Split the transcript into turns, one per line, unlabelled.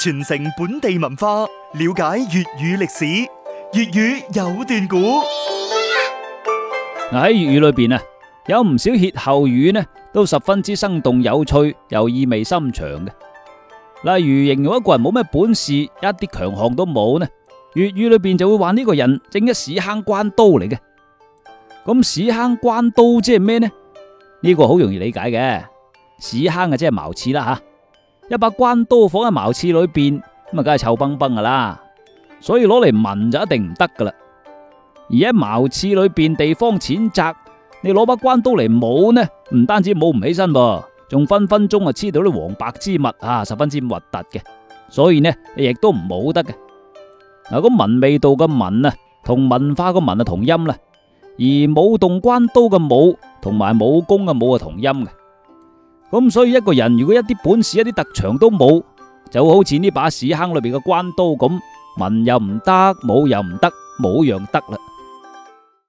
傳承本地文化，了解粵語歷史。粵語有段古，嗱，喺粵語裏邊啊，有唔少歇後語呢，都十分之生動有趣又意味深長嘅。例如形容一個人冇咩本事，一啲強項都冇呢，粵語裏邊就會話呢個人正一屎坑關刀嚟嘅。咁屎坑關刀即係咩呢？呢個好容易理解嘅，屎坑啊即係茅廁啦吓。一把關刀放喺茅廁裏邊咁啊，梗係臭崩崩噶啦，所以攞嚟聞就一定唔得噶啦。而喺茅廁裏邊地方淺窄，你攞把關刀嚟舞呢？唔單止舞唔起身，仲分分鐘啊黐到啲黃白之物啊，十分之核突嘅。所以呢，亦都唔舞得嘅。嗱，咁聞味道嘅聞啊，同文化嘅文啊同音啦，而舞動關刀嘅舞同埋武功嘅武啊同音嘅。咁所以一個人如果一啲本事一啲特長都冇，就好似呢把屎坑裏邊嘅關刀咁，文又唔得，武又唔得，冇樣得啦。